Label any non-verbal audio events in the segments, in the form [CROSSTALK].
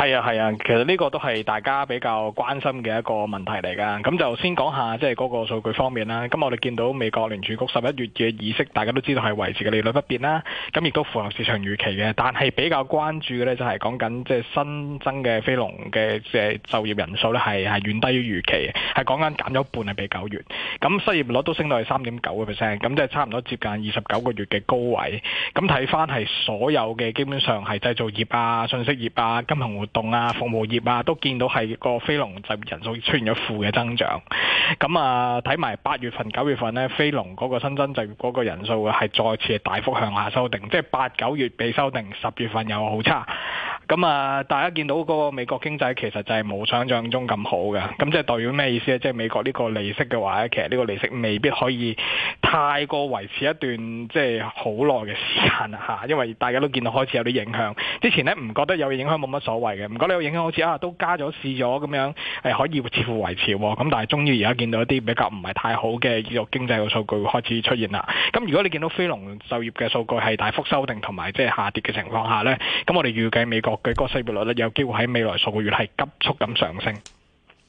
係啊，係啊，其實呢個都係大家比較關心嘅一個問題嚟㗎。咁就先講下即係嗰個數據方面啦。咁我哋見到美國聯儲局十一月嘅議息，大家都知道係維持嘅利率不變啦。咁亦都符合市場預期嘅。但係比較關注嘅呢，就係講緊即係新增嘅非農嘅即係就業人數呢，係係遠低於預期，係講緊減咗半，係比九月。咁失業率都升到係三點九個 percent，咁即係差唔多接近二十九個月嘅高位。咁睇翻係所有嘅基本上係製造業啊、信息業啊、金融業。動啊，服務業啊，都見到係個非農就業人數出現咗負嘅增長。咁啊，睇埋八月份、九月份呢，非農嗰個新增就業嗰個人數係再次大幅向下修訂，即係八九月被修訂，十月份又好差。咁啊，大家見到個美國經濟其實就係冇想象中咁好嘅，咁即係代表咩意思咧？即係美國呢個利息嘅話咧，其實呢個利息未必可以太過維持一段即係好耐嘅時間啦嚇，因為大家都見到開始有啲影響。之前呢唔覺得有影響冇乜所謂嘅，唔覺得有影響好，好似啊都加咗試咗咁樣，係可以似乎維持喎。咁但係終於而家見到一啲比較唔係太好嘅弱經濟嘅數據開始出現啦。咁如果你見到非農就業嘅數據係大幅收定同埋即係下跌嘅情況下咧，咁我哋預計美國。佢個失業率咧有機會喺未來數個月係急速咁上升，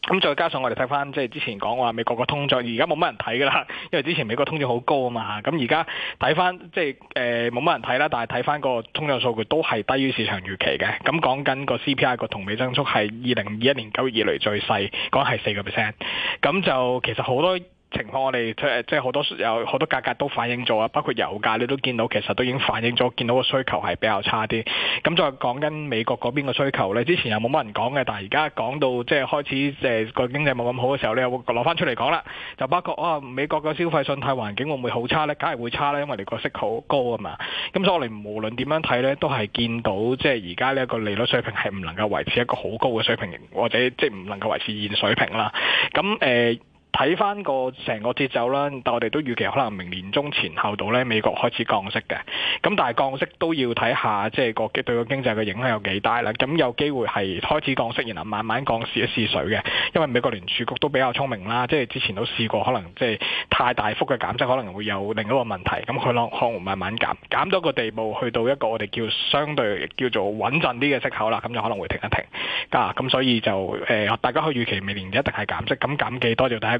咁再加上我哋睇翻即係之前講話美國個通脹，而家冇乜人睇噶啦，因為之前美國通脹好高啊嘛，咁而家睇翻即係誒冇乜人睇啦，但係睇翻個通脹數據都係低於市場預期嘅，咁講緊個 CPI 個同比增速係二零二一年九月以嚟最細，講係四個 percent，咁就其實好多。情況我哋即係好多有好多價格都反映咗啊，包括油價你都見到其實都已經反映咗，見到個需求係比較差啲。咁再講緊美國嗰邊個需求呢，之前又冇乜人講嘅，但係而家講到即係開始即係個經濟冇咁好嘅時候，呢，又會攞翻出嚟講啦。就包括啊美國嘅消費信貸環境會唔會好差呢？梗係會差啦，因為你個息好高啊嘛。咁所以我哋無論點樣睇呢，都係見到即係而家呢個利率水平係唔能夠維持一個好高嘅水平，或者即係唔能夠維持現水平啦。咁誒睇翻個成個節奏啦，但我哋都預期可能明年中前後到咧，美國開始降息嘅。咁但係降息都要睇下，即係個對個經濟嘅影響有幾大啦。咁有機會係開始降息，然後慢慢降試一試水嘅。因為美國聯儲局都比較聰明啦，即係之前都試過，可能即係太大幅嘅減息可能會有另一個問題。咁佢可能會慢慢減，減咗個地步，去到一個我哋叫相對叫做穩陣啲嘅息口啦，咁就可能會停一停。咁所以就，呃，大家可以預期明年一定係減息，咁減幾多就睇。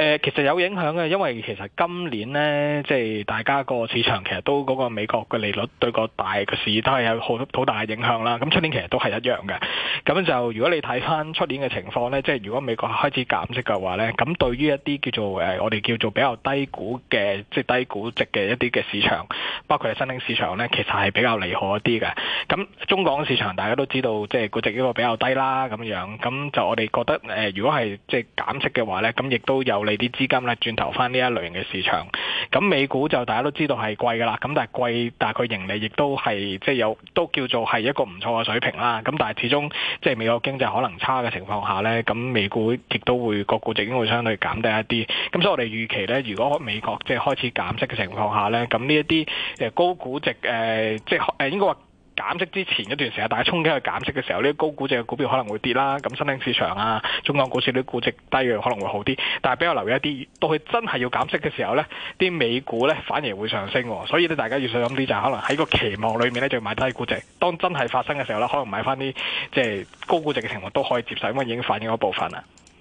呃、其實有影響嘅，因為其實今年呢，即係大家個市場其實都嗰、嗰個美國嘅利率對個大嘅市都係有好好大嘅影響啦。咁出年其實都係一樣嘅。咁就如果你睇返出年嘅情況呢，即係如果美國開始減息嘅話呢，咁對於一啲叫做我哋叫做比較低估嘅即係低估值嘅一啲嘅市場，包括係新興市場呢，其實係比較利好一啲嘅。咁中港市場大家都知道，即係估值呢個比較低啦，咁樣咁就我哋覺得、呃、如果係即係減息嘅話呢，咁亦都有啲資金咧轉投翻呢一類型嘅市場，咁美股就大家都知道係貴㗎喇，咁但係貴，但係佢盈利亦都係即係有，都叫做係一個唔錯嘅水平啦。咁但係始終即係美國經濟可能差嘅情況下呢，咁美股亦都會個估值會相對減低一啲。咁所以我哋預期呢，如果美國即係開始減息嘅情況下呢，咁呢一啲高估值誒、呃、即係應該話。減息之前一段時間，大家憧憬去減息嘅時候，呢啲高估值嘅股票可能會跌啦。咁新興市場啊，中港股市啲估值低嘅可能會好啲。但係比較留意一啲，到佢真係要減息嘅時候呢，啲美股呢反而會上升喎。所以呢，大家要小心啲，就係可能喺個期望裏面呢，就要買低估值。當真係發生嘅時候呢，可能買翻啲即係高估值嘅情況都可以接受，因為已經反映咗部分啦。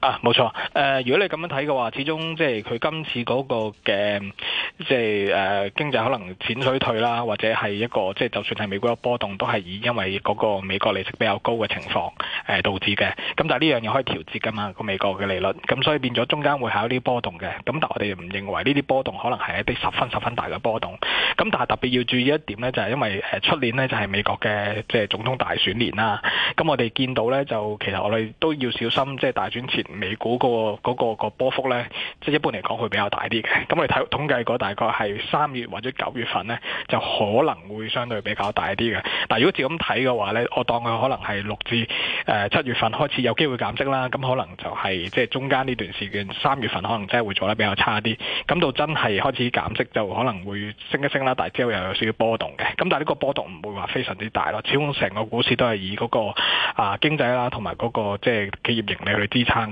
啊，冇錯，誒、呃，如果你咁樣睇嘅話，始終即係佢今次嗰個嘅，即係誒經濟可能淺水退啦，或者係一個即係、就是、就算係美國嘅波動，都係以因為嗰個美國利息比較高嘅情況誒、呃、導致嘅。咁但係呢樣嘢可以調節噶嘛，個美國嘅利率。咁所以變咗中間會考啲波動嘅。咁但係我哋唔認為呢啲波動可能係一啲十分十分大嘅波動。咁但係特別要注意一點咧，就係、是、因為誒出年咧就係美國嘅即係總統大選年啦。咁我哋見到咧就其實我哋都要小心，即、就、係、是、大選前。美股個嗰個波幅咧，即係一般嚟講會比較大啲嘅。咁我哋睇統計過，大概係三月或者九月份咧，就可能會相對比較大啲嘅。但係如果照咁睇嘅話咧，我當佢可能係六至誒七月份開始有機會減息啦。咁可能就係即係中間呢段時間，三月份可能真係會做得比較差啲。咁到真係開始減息就可能會升一升啦，但係之後又有少少波動嘅。咁但係呢個波動唔會話非常之大咯。始終成個股市都係以嗰個啊經濟啦，同埋嗰個即係企業盈利去支撐。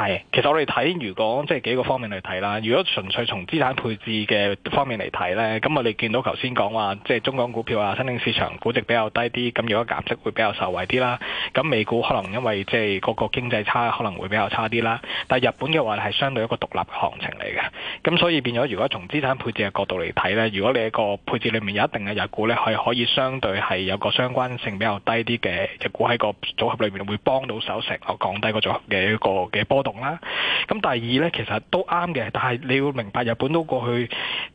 係，其實我哋睇如果即係幾個方面嚟睇啦，如果純粹從資產配置嘅方面嚟睇咧，咁我哋見到頭先講話，即係中港股票啊、新興市場估值比較低啲，咁如果減息會比較受惠啲啦。咁美股可能因為即係個個經濟差可能會比較差啲啦，但係日本嘅話係相對一個獨立嘅行情嚟嘅，咁所以變咗如果從資產配置嘅角度嚟睇咧，如果你喺一個配置裏面有一定嘅日股咧，係可,可以相對係有個相關性比較低啲嘅日股喺個組合裏面會幫到手成，我降低個組合嘅一個嘅波動。啦，咁第二呢，其實都啱嘅，但係你要明白日本都過去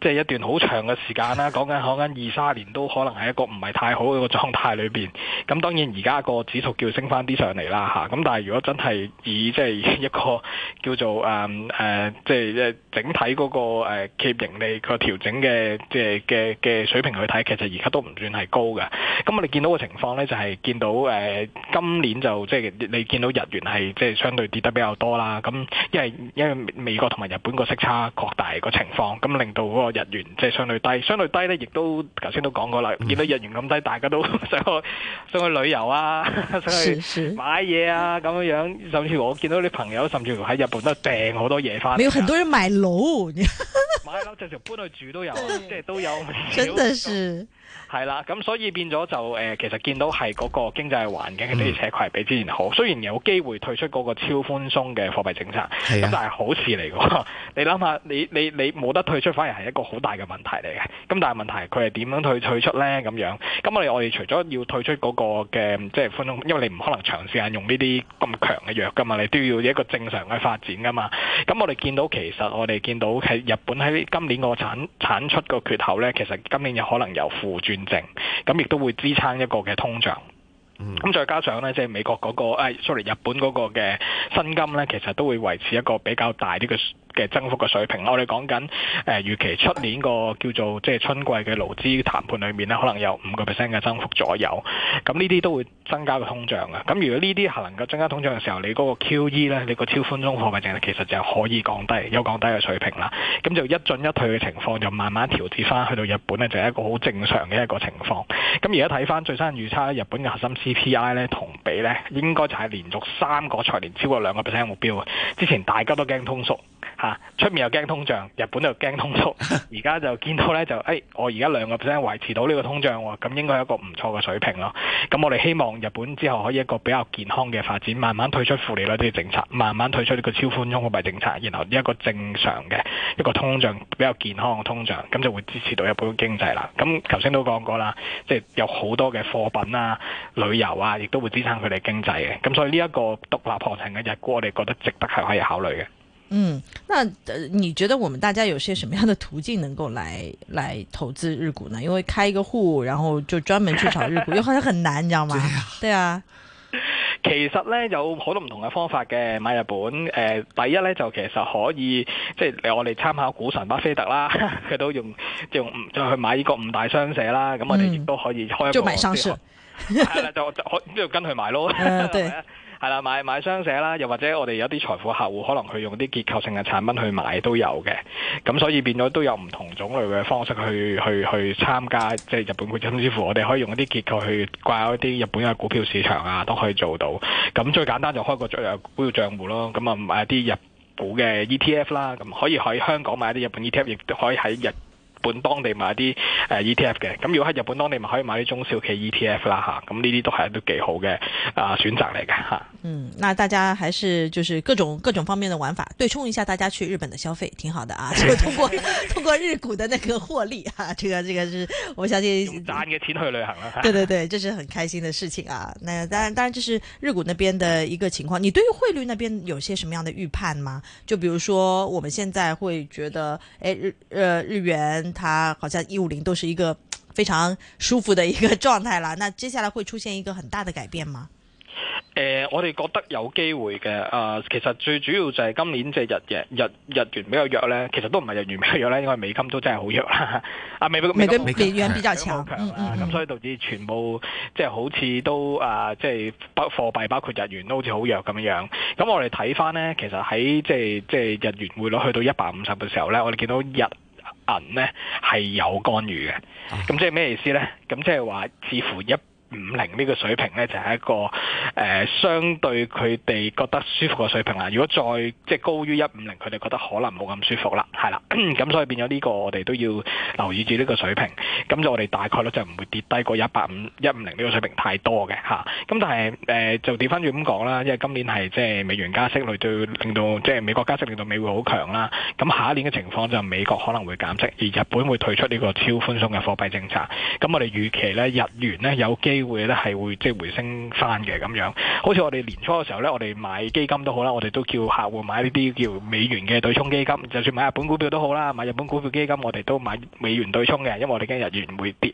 即係、就是、一段好長嘅時間啦，講緊講緊二三年都可能係一個唔係太好嘅狀態裏面。咁當然而家個指數叫升翻啲上嚟啦，咁、啊、但係如果真係以即係、就是、一個叫做即係即整體嗰、那個企業盈利個調整嘅即係嘅嘅水平去睇，其實而家都唔算係高嘅。咁你見到嘅情況呢，就係、是、見到誒、呃、今年就即係、就是、你見到日元係即係相對跌得比較多啦。啊，咁因為因為美國同埋日本個息差擴大個情況，咁令到嗰個日元即係相對低，相對低呢，亦都頭先都講過啦。見到日元咁低，大家都想去想去旅遊啊，想去買嘢啊咁樣樣。甚至我見到啲朋友，甚至喺日本都訂好多嘢返。你有很多人買樓， [LAUGHS] 買樓就常搬去住都有，即係都有。 [LAUGHS] 真的是。係啦，咁所以變咗就誒其實見到係嗰個經濟嘅環境，而且確係比之前好。雖然有機會退出嗰個超寬鬆嘅貨幣政策，咁就係好事嚟㗎。你諗下，你你你冇得退出，反而係一個好大嘅問題嚟嘅。咁但係問題，佢係點樣退退出咧？咁樣咁我哋我哋除咗要退出嗰個嘅即係寬鬆，因為你唔可能長時間用呢啲咁強嘅藥㗎嘛，你都要一個正常嘅發展㗎嘛。咁我哋見到其實我哋見到係日本喺今年個產、產出個缺口咧，其實今年有可能由負轉。咁亦都會支撐一個嘅通脹，咁再加上咧，即係美國嗰個、那個誒、哎，sorry，日本嗰個嘅薪金咧，其實都會維持一個比較大啲嘅。嘅增幅嘅水平，我哋講緊誒預期出年個叫做即係春季嘅勞資談判裏面咧，可能有五個 percent 嘅增幅左右。咁呢啲都會增加個通脹嘅。咁如果呢啲係能夠增加通脹嘅時候，你嗰個 QE 咧，你個超寬鬆貨幣政策其實就係可以降低，有降低嘅水平啦。咁就一進一退嘅情況，就慢慢調節翻去到日本咧，就係一個好正常嘅一個情況。咁而家睇翻最新預測，日本嘅核心 CPI 咧同比咧，應該就係連續三個財年超過兩個 percent 目標嘅。之前大家都驚通縮。啊、出面又驚通脹，日本又驚通縮。而家就見到咧，就誒、哎，我而家兩個 percent 維持到呢個通脹喎、哦，咁應該一個唔錯嘅水平咯。咁我哋希望日本之後可以一個比較健康嘅發展，慢慢退出負利率啲政策，慢慢退出呢個超寬鬆嘅貨幣政策，然後呢一個正常嘅一個通脹比較健康嘅通脹，咁就會支持到日本經濟啦。咁頭先都講過啦，即係有好多嘅貨品啊、旅遊啊，亦都會支撐佢哋經濟嘅。咁所以呢一個獨立行情嘅日股，我哋覺得值得係可以考慮嘅。嗯，那你覺得我們大家有些什麼樣的途徑能夠來來投資日股呢？因為開一個戶，然後就專門去炒日股， [LAUGHS] 又好像很難，你知道嗎？樣對啊，其實呢，有好多唔同嘅方法嘅買日本，呃。第一呢，就其實可以即係、就是、我哋參考股神巴菲特啦，佢都用就用就去買呢個五大商社啦。咁、嗯、我哋亦都可以開一個就買商社， [LAUGHS] 啊，就跟佢買咯。嗯、呃，對。係啦，買買商社啦，又或者我哋有啲財富客戶可能佢用啲結構性嘅產品去買都有嘅，咁所以變咗都有唔同種類嘅方式去去去參加即係、就是、日本股，甚至乎我哋可以用一啲結構去掛一啲日本嘅股票市場啊，都可以做到。咁最簡單就開個咗股票賬戶咯，咁啊買啲日股嘅 ETF 啦，咁可以喺香港買啲日本 ETF，亦都可以喺日。本當地買啲誒 ETF 嘅，咁如果喺日本當地咪可以買啲中小企 ETF 啦嚇，咁呢啲都係都幾好嘅啊選擇嚟嘅嚇。嗯，那大家還是就是各種各種方面的玩法對沖一下，大家去日本的消費，挺好的啊。就通過 [LAUGHS] 通過日股的那個獲利啊，這個這個是我相信賺嘅錢去旅行啦。 [LAUGHS] 對對對，這是很開心的事情啊。那當然當然，這是日股那邊的一個情況。你對於匯率那邊有些什麼樣的預判嗎？就比如說，我們現在會覺得，誒日，誒、呃、日元。它好像一五零都是一個非常舒服的一個狀態啦。那接下來會出現一個很大的改變嗎？誒，我哋覺得有機會嘅。啊，其實最主要就係今年即係日日日元比較弱咧，其實都唔係日元比較弱咧，應該美金都真係好弱啦。啊，美美美美元比較強，咁所以導致全部即係好似都啊，即係包貨幣包括日元都好似好弱咁樣樣。咁我哋睇翻咧，其實喺即係即係日元匯率去到一百五十嘅時候咧，我哋見到日。銀咧係有干預嘅，咁即係咩意思咧？咁即係話，似乎一。五零呢個水平呢，就係、是、一個誒、呃、相對佢哋覺得舒服嘅水平啦。如果再即係高於一五零，佢哋覺得可能冇咁舒服啦。係啦，咁所以變咗呢、這個我哋都要留意住呢個水平。咁就我哋大概率就唔會跌低過一百五、一五零呢個水平太多嘅吓。咁、啊、但係誒、呃、就調翻住咁講啦，因為今年係即係美元加息類，嚟到令到即係、就是、美國加息令到美匯好強啦。咁下一年嘅情況就美國可能會減息，而日本會退出呢個超寬鬆嘅貨幣政策。咁我哋預期呢，日元呢有機。機會咧係會即係回升翻嘅咁樣，好似我哋年初嘅時候咧，我哋買基金都好啦，我哋都叫客戶買呢啲叫美元嘅對沖基金，就算買日本股票都好啦，買日本股票基金我哋都買美元對沖嘅，因為我哋驚日元會跌。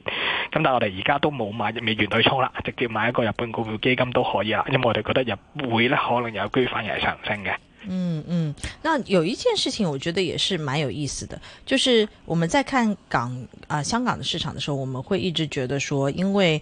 咁但係我哋而家都冇買美元對沖啦，直接買一個日本股票基金都可以啦，因為我哋覺得日匯咧可能有居反而係上升嘅。嗯嗯，那有一件事情我覺得也是蠻有意思嘅，就是我們在看港、啊、呃、香港嘅市場嘅時候，我們會一直覺得說，因為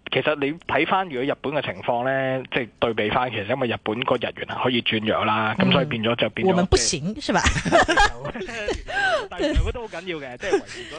其實你睇翻如果日本嘅情況咧，即係對比翻，其實因為日本個日元可以轉弱啦，咁所以變咗就變咗。我們不行是吧？但係都好緊要嘅，即係維持咗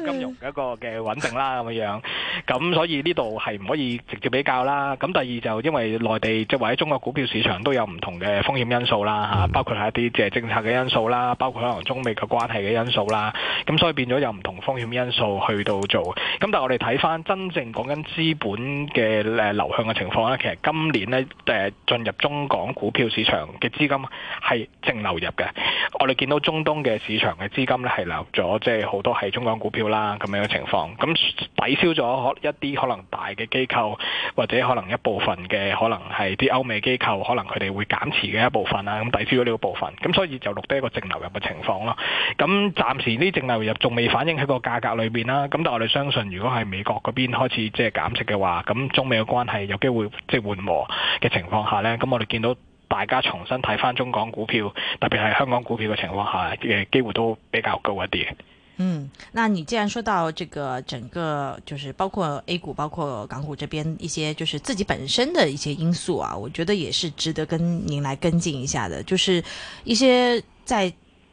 個金融一個嘅穩定啦，咁樣樣。咁所以呢度係唔可以直接比較啦。咁第二就因為內地即係或者中國股票市場都有唔同嘅風險因素啦，吓，包括係一啲即係政策嘅因素啦，包括可能中美嘅關係嘅因素啦。咁所以變咗有唔同風險因素去到做。咁但係我哋睇翻真正講緊資本。本嘅誒流向嘅情況咧，其實今年咧誒，進入中港股票市場嘅資金係淨流入嘅。我哋見到中東嘅市場嘅資金咧係流入咗，即係好多係中港股票啦咁樣嘅情況。咁抵消咗一啲可能大嘅機構，或者可能一部分嘅可能係啲歐美機構，可能佢哋會減持嘅一部分啦。咁抵消咗呢個部分，咁所以就錄低一個淨流入嘅情況咯。咁暫時呢淨流入仲未反映喺個價格裏邊啦。咁但係我哋相信，如果係美國嗰邊開始即係減息嘅。話咁中美嘅關係有機會即係緩和嘅情況下咧，咁我哋見到大家重新睇翻中港股票，特別係香港股票嘅情況下，嘅機會都比較高一啲。嗯，那你既然說到這個整個，就是包括 A 股、包括港股這邊一些，就是自己本身的一些因素啊，我覺得也是值得跟您來跟進一下的，就是一些在。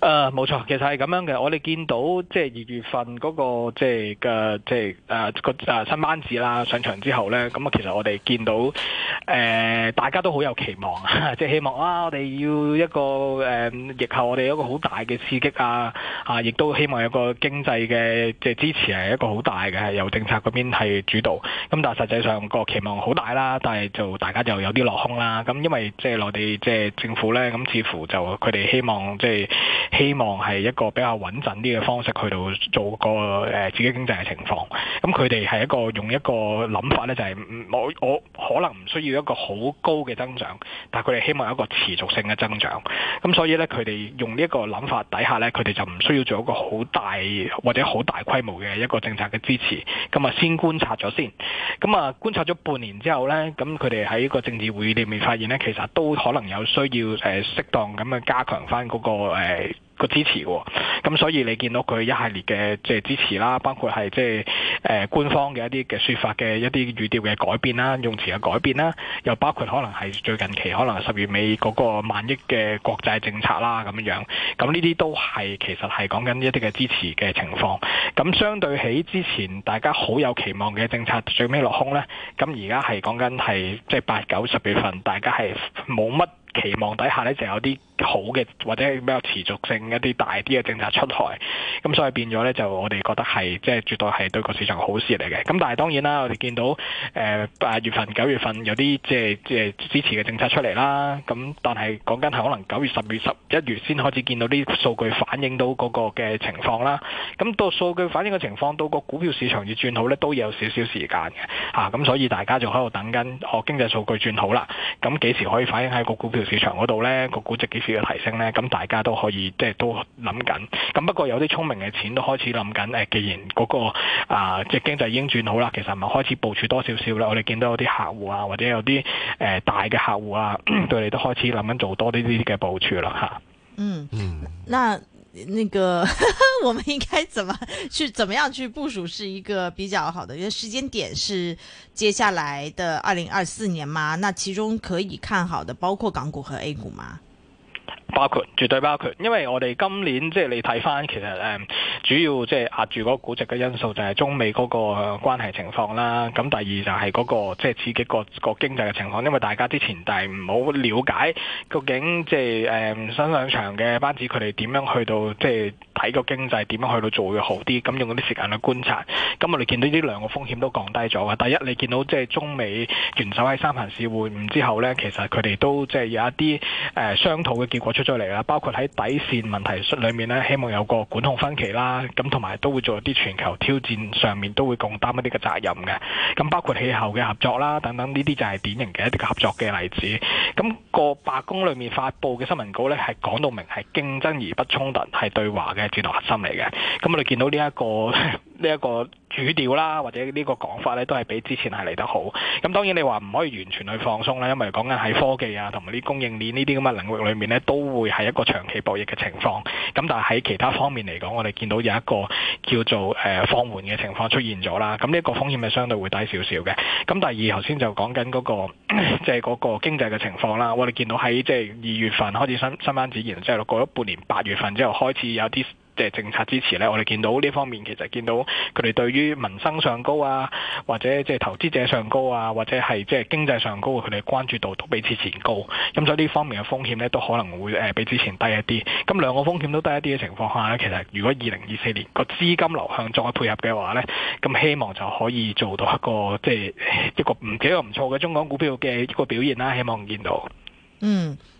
誒，冇錯，嗯，其實係咁樣嘅。我哋見到即係二月份嗰，那個即係嘅即係誒個新班子啦上場之後咧，咁、嗯、啊，其實我哋見到誒、呃、大家都好有期望，呵呵即係希望啊，我哋要一個誒、嗯、疫後我哋一個好大嘅刺激啊，啊，亦都希望有個經濟嘅即係支持係一個好大嘅，係由政策嗰邊係主導。咁、嗯、但係實際上個期望好大啦，但係就大家就有啲落空啦。咁、嗯、因為即係內地即係政府咧，咁似乎就佢哋希望即係。希望係一個比較穩陣啲嘅方式去到做個誒自己經濟嘅情況。咁佢哋係一個用一個諗法咧，就係我我可能唔需要一個好高嘅增長，但係佢哋希望有一個持續性嘅增長。咁所以咧，佢哋用呢一個諗法底下咧，佢哋就唔需要做一個好大或者好大規模嘅一個政策嘅支持。咁啊，先觀察咗先。咁啊，觀察咗半年之後咧，咁佢哋喺個政治會議裏面發現咧，其實都可能有需要適當咁嘅加強翻、那、嗰個個支持喎，咁所以你見到佢一系列嘅即係支持啦，包括係即係誒官方嘅一啲嘅說法嘅一啲語調嘅改變啦，用詞嘅改變啦，又包括可能係最近期可能十月尾嗰個萬億嘅國債政策啦咁樣樣，咁呢啲都係其實係講緊一啲嘅支持嘅情況。咁相對起之前大家好有期望嘅政策最尾落空呢。咁而家係講緊係即係八九十月份大家係冇乜期望底下呢就有啲好嘅或者比較持續性一啲大啲嘅政策出台，咁所以變咗咧就我哋覺得係即係絕對係對個市場好事嚟嘅。咁但係當然啦，我哋見到誒八月份、九月份有啲即係即係支持嘅政策出嚟啦。咁但係講緊係可能九月、十月、十一月先開始見到啲數據反映到嗰個嘅情況啦。咁到數據反映嘅情況到個股票市場要轉好咧，都要有少少時間嘅。咁所以大家就喺度等緊，我經濟數據轉好啦。咁幾時可以反映喺個股票市場嗰度咧？個估值幾？提升咧，咁大家都可以即係都諗緊。咁不過有啲聰明嘅錢都開始諗緊。誒，既然嗰、那個啊，即、呃、係經濟已經轉好啦，其實咪開始部署多少少啦。我哋見到有啲客戶啊，或者有啲誒、呃、大嘅客戶啊，對你都開始諗緊做多呢啲嘅部署啦。吓，嗯嗯，那那個呵呵我們應該怎麼去？怎麼樣去部署是一個比較好的？因為時間點是接下來的二零二四年嘛。那其中可以看好的包括港股和 A 股嗎？包括，絕對包括，因為我哋今年即係你睇翻，其實主要即係壓住嗰個估值嘅因素就係中美嗰個關係情況啦。咁第二就係嗰、嗰個即係刺激個經濟嘅情況，因為大家之前但係唔好了解究竟即係誒新上場嘅班子佢哋點樣去到即係睇個經濟點樣去到做會好啲，咁用啲時間去觀察。咁我哋見到呢兩個風險都降低咗嘅，第一你見到即係中美元首喺三藩市會晤之後咧，其實佢哋都即係有一啲誒、呃、商討嘅結果。出咗嚟啦，包括喺底線問題上裏面咧，希望有個管控分歧啦，咁同埋都會做啲全球挑戰上面都會共擔一啲嘅責任嘅，咁包括氣候嘅合作啦，等等呢啲就係典型嘅一啲合作嘅例子。咁個白宮裏面發布嘅新聞稿咧，係講到明係競爭而不衝突，係對華嘅指導核心嚟嘅。咁我哋見到呢一個。 [LAUGHS] 呢一個主調啦，或者呢個講法咧，都係比之前係嚟得好。咁當然你話唔可以完全去放鬆啦，因為講緊喺科技啊，同埋啲供應鏈呢啲咁嘅領域裏面咧，都會係一個長期博弈嘅情況。咁但係喺其他方面嚟講，我哋見到有一個叫做誒、呃、放緩嘅情況出現咗啦。咁呢個風險係相對會低少少嘅。咁第二頭先就講緊嗰個即係嗰個經濟嘅情況啦。我哋見到喺即係二月份開始新新班子現，即係過咗半年，八月份之後開始有啲。即係政策支持咧，我哋見到呢方面其實見到佢哋對於民生上高啊，或者即係投資者上高啊，或者係即係經濟上高，佢哋關注度都比之前高。咁所以呢方面嘅風險咧，都可能會誒比之前低一啲。咁兩個風險都低一啲嘅情況下咧，其實如果二零二四年個資金流向再配合嘅話咧，咁希望就可以做到一個即係一個唔幾個唔錯嘅中港股票嘅一個表現啦。希望見到。嗯。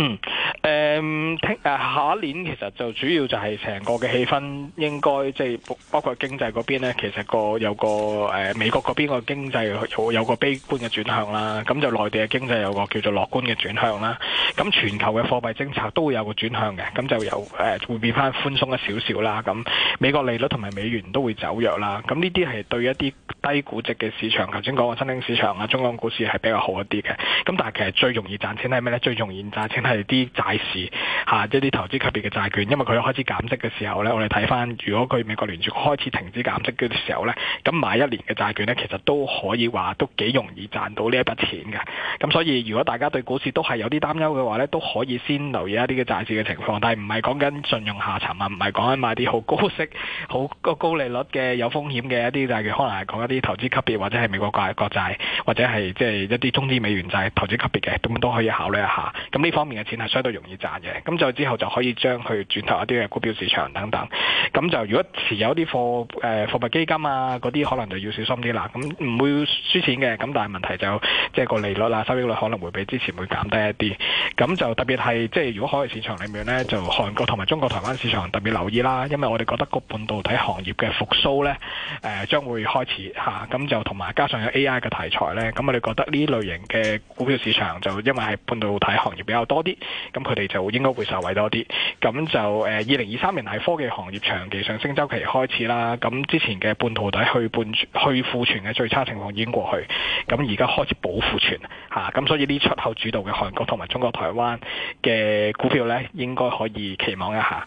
嗯，誒、嗯、聽誒、啊、下一年其實就主要就係成個嘅氣氛應該即係包括經濟嗰邊咧，其實個有個誒、呃、美國嗰邊個經濟有有個悲觀嘅轉向啦，咁就內地嘅經濟有個叫做樂觀嘅轉向啦，咁全球嘅貨幣政策都會有個轉向嘅，咁就有誒、呃、會變翻寬鬆一少少啦，咁美國利率同埋美元都會走弱啦，咁呢啲係對一啲低估值嘅市場，頭先講個新興市場啊，中港股市係比較好一啲嘅，咁但係其實最容易賺錢係咩咧？最容易賺錢。係啲債市嚇，即係啲投資級別嘅債券，因為佢開始減息嘅時候呢，我哋睇翻如果佢美國聯儲開始停止減息嘅時候呢，咁買一年嘅債券呢，其實都可以話都幾容易賺到呢一筆錢嘅。咁所以如果大家對股市都係有啲擔憂嘅話呢，都可以先留意一啲嘅債市嘅情況，但係唔係講緊信用下沉啊，唔係講緊買啲好高息、好高利率嘅有風險嘅一啲債券，可能係講一啲投資級別或者係美國國債或者係即係一啲中資美元債投資級別嘅，咁都可以考慮一下。咁呢方面。嘅錢係相對容易賺嘅，咁就之後就可以將佢轉投一啲嘅股票市場等等。咁就如果持有啲貨、呃、貨幣基金啊，嗰啲可能就要小心啲啦。咁唔會輸錢嘅，咁但係問題就即係個利率啦、收益率可能會比之前會減低一啲。咁就特別係即係如果海外市場裏面呢，就韓國同埋中國台灣市場特別留意啦，因為我哋覺得個半導體行業嘅復甦呢、呃、將會開始吓。咁就同埋加上有 AI 嘅題材呢，咁我哋覺得呢類型嘅股票市場就因為係半導體行業比較多。多啲，咁佢哋就應該會受惠多啲。咁就誒，二零二三年係科技行業長期上升周期開始啦。咁之前嘅半導體去半去庫存嘅最差情況已經過去，咁而家開始補庫存嚇。咁、啊、所以呢，出口主導嘅韓國同埋中國台灣嘅股票呢，應該可以期望一下。